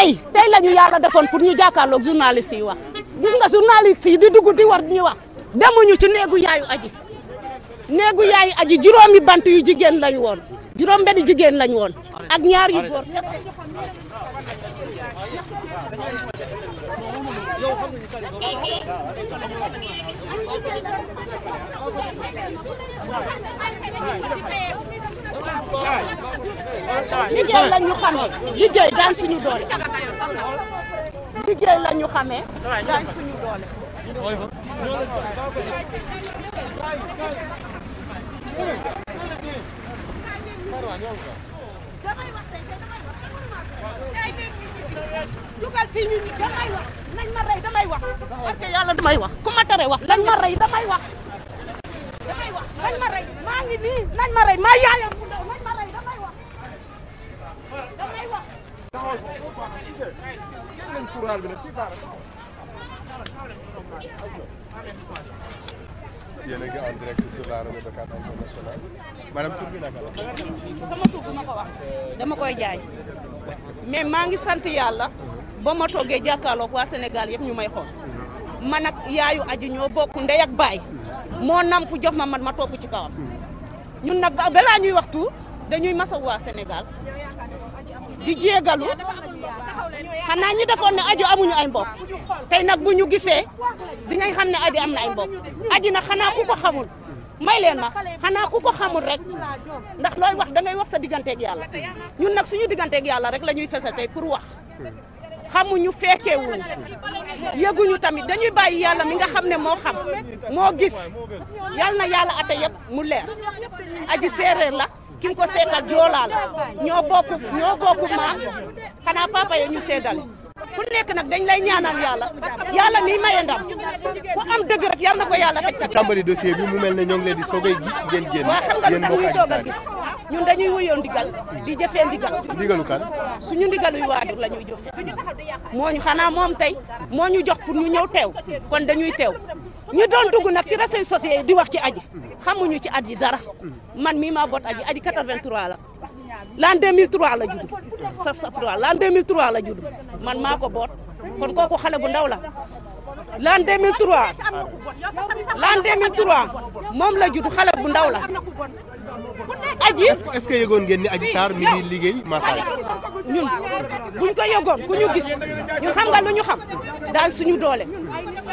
tey tey la ñu yàlla defoon pour ñu jàkkaarloog journaliste yi wax gis nga journaliste yi di dugg di war ñu wax demuñu ci neegu yaayu aji néegu yaayu aji juróomi bant yu jigéen lañ woon juróom benn jigéen lañ woon ak ñaar yu góor liggéey lañ ñu xamee liggéey daan suñu doole liggéey la ñu xamee daay suñu doole dugal fii ñu ni damay wax nañ ma rey damay wax parce que yàlla damay wax ku ma tere wax ma rey damay wax damay wax nañ ma rey maa ngi nii nañ ma rey maa yaayam rural bi nag sama tur bu ma ko wax dama koy jaay mais maa ngi sant yàlla ba ma toggee jàkkaarloog waa Sénégal yëpp ñu may xool man ak yaayu aju ñoo bokk ndey ak baay moo namp jox ma mat ma topp ci kawam ñun nag balaa ñuy waxtu dañuy masaw waa Sénégal. di jéegalu xanaa ñi defoon ne aji amuñu ay mbokk tey nag bu ñu gisee di dinañ xam ne aji am na ay mbokk aji nag xanaa ku ko xamul may leen ma xanaa ku ko xamul rek ndax looy wax dangay wax sa digganteeg yàlla ñun nag suñu digganteeg yàlla rek la ñuy fesal tey pour wax xamuñu fekkeewuñu yëguñu tamit dañuy bàyyi yàlla mi nga xam ne moo xam moo gis yàlla na yàlla ate yëpp mu leer aji séeréer la kim ko seekal joolaa ñoo bokku ñoo bokku maam xanaa papa yo ñu seedale ku nekk nag dañ lay ñaanal yàlla yàlla miy maye ndam ku am dëgg rek yal na ko yàlla teg sa tàmbali dossier bi mu mel ne ñoo ngi leen di soogay gis ngeen génn waaw xam nga lu a gis ñun dañuy wuyoo ndigal di jëfee ndigal suñu ndigaluy waajur la ñuy moo ñu xanaa moom tey moo ñu jox pour ñu ñëw teew kon dañuy teew ñu doon dugg nag ci réseaux sociaux di wax ci aji ñu ci aji dara man mii maa boot aji aji 83 la l'an 2003 la judd saf saf 3 l'an 2003 la judd man maa ko boot kon kooku xale bu ndaw la l'an 2003 l'an 2003 moom la judd xale bu ndaw la aji est-ce que yëgoon ngeen ni aji Sarr mi ngi liggéey massage ñun buñ ko yëgoon ku ñu gis ñun xam nga ñu xam daal suñu doole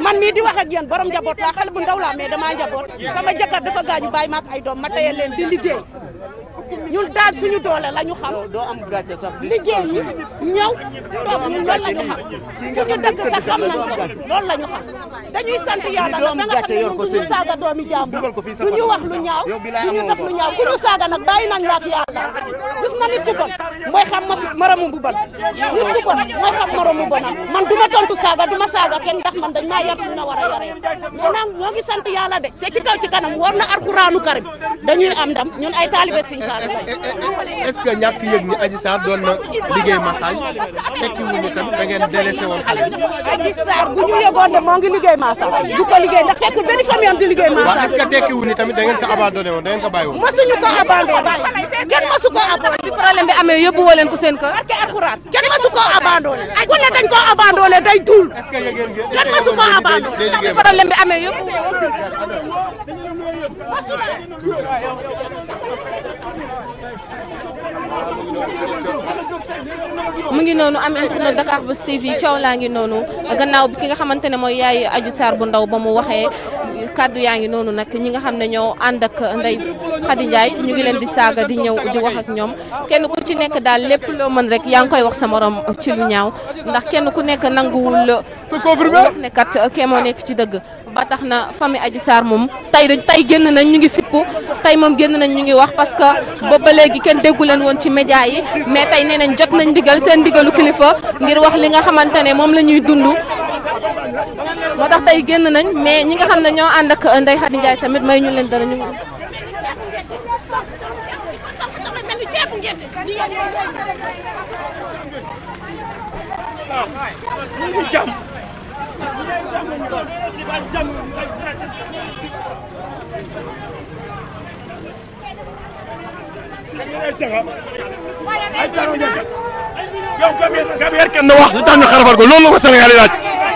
man mii di wax ak yéen borom njaboot laa xale bu ndaw laa mais damaa njaboot sama jëkkër dafa gaañu bàyyi maak ay doom ma teye leen di liggéey ñun daal suñu doole la ñu xam liggéey yi ñëw toog ñun loolu la ñu xam suñu dëkk sax xam nañ ko loolu la ñu xam dañuy sant yàlla nag da nga xam ne ñun duñu saaga doomi jàmbur duñu wax lu ñaaw duñu def lu ñaaw ku ñu saaga nag bàyyi nañ la ak yàlla gis ma nit mooy xam maramu bu bon nit ku bon mooy xam maramu bu bon man du ma tontu saaga du ma saaga kenn ndax man dañ maa yar fu ma war a yaree maanaam ñoo ngi sant yàlla de te ci kaw ci kanam war na alxuraanu karim dañuy am ndam ñun ay taalibe Sëriñ Saaliu Say eh, eh, eh, est-ce que ñàkk yëg ni Adji Sarr doon na liggéey massage tekki wu ñu tam da ngeen délaissé woon xale Adji ko liggéey ndax fekkul benn ko abandonné woon da ko bàyyi woon mosuñu ko abandonné kenn mosu ko abandonné problème bi yóbbu woo leen ko seen kër. barke alxuraan kenn ma su ko abandonné wala dañ ko abandonné day tuul kenn ma su ko mu ngi noonu am internet Dakar Buzz TV coow laa ngi noonu gannaaw bi ki nga xamante ne mooy yaay aju saar bu ndaw ba mu waxee kàddu yaa ngi noonu nag ñi nga xam ne ñoo ànd ak Ndeye Khady Ndiaye ñu ngi leen di saaga di ñëw di wax ak ñoom kenn ku ci nekk daal lépp loo mën rek yaa ngi koy wax sa morom ci lu ñaaw ndax kenn ku nekk nanguwul wax ne kat kee moo nekk ci dëgg ba tax na famille Adji Sarr moom tey dañ tey génn nañ ñu ngi fippu tey moom génn nañ ñu ngi wax parce que ba léegi kenn déggu woon ci média yi mais tey nee nañ jot nañ digal seen ndigalu kilifa ngir wax li nga xamante ne moom la ñuy dund moo tax tey génn nañ mais ñi nga xam ne ñoo ànd ak Ndeye Khady Ndiaye tamit may ñu leen dara ñu. yow Gabriel Gabriel kenn wax li tax ñu xarafal ko loolu la ko Sénégal yi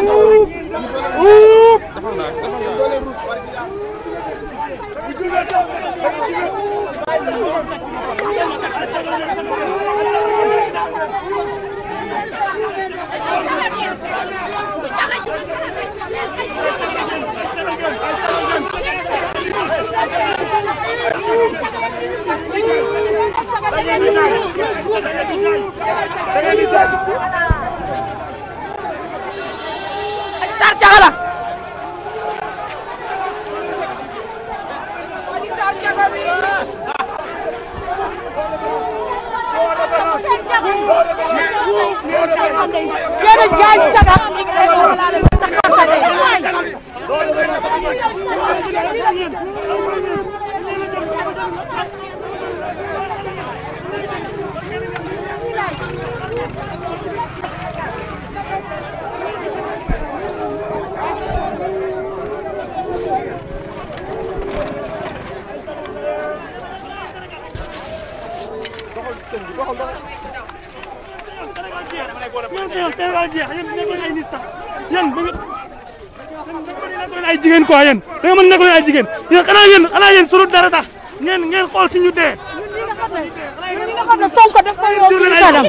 uub uub Da ngeen di jaay caxala yéen a jaay caga ay wala la taxal yéen Sénégal jeex yéen nekkoon ay nit sax yéen ba ay jigéen quoi yéen da nga mën nekkoon ay jigéen yéen xanaa yéen xanaa yéen sunu dara sax ngeen ngeen xool si ñu dee. ñi nga def ko yow suñu kanam.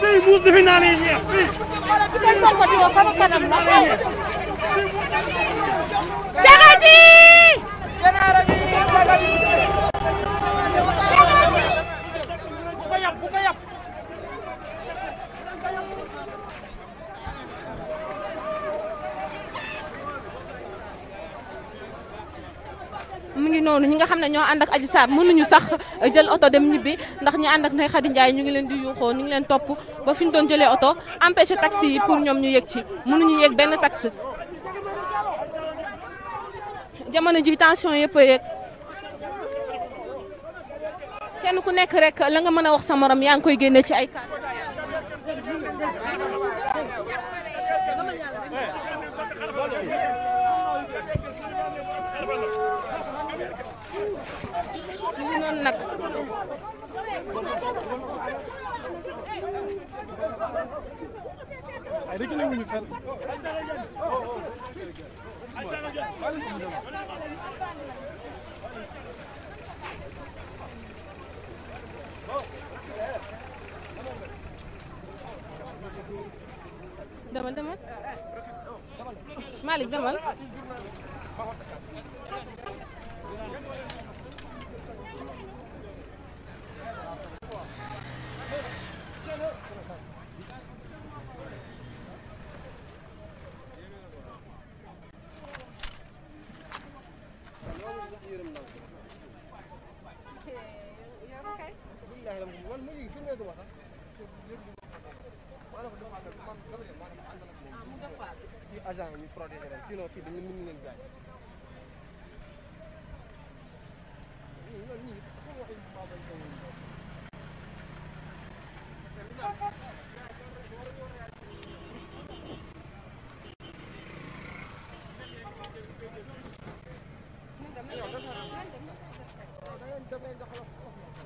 fii muus defi naa ne koy soppati woo sama kanam la jaga ji xam ne ñoo ànd ak Adji Sarr mënuñu sax jël oto dem ñibbi ndax ñi ànd ak Ndeye Khady ñu ngi leen di yuuxoo ñu ngi leen topp ba fi ñu doon jëlee oto empêché taxi yi pour ñoom ñu yéeg ci mënuñu yëg benn taxi. jamono ji tension yëpp a yëg kenn ku nekk rek la nga mën a wax sa morom yaa ngi koy génne ci ay kàddu réglé wuñu fenn demal demal Malick demal എല്ലാവരും agent yi a leen sinon fii dañu mën leen gaañ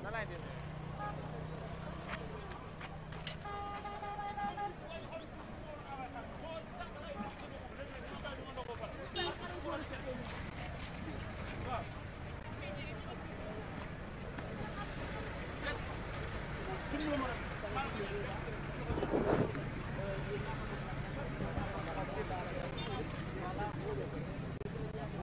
Nan lay def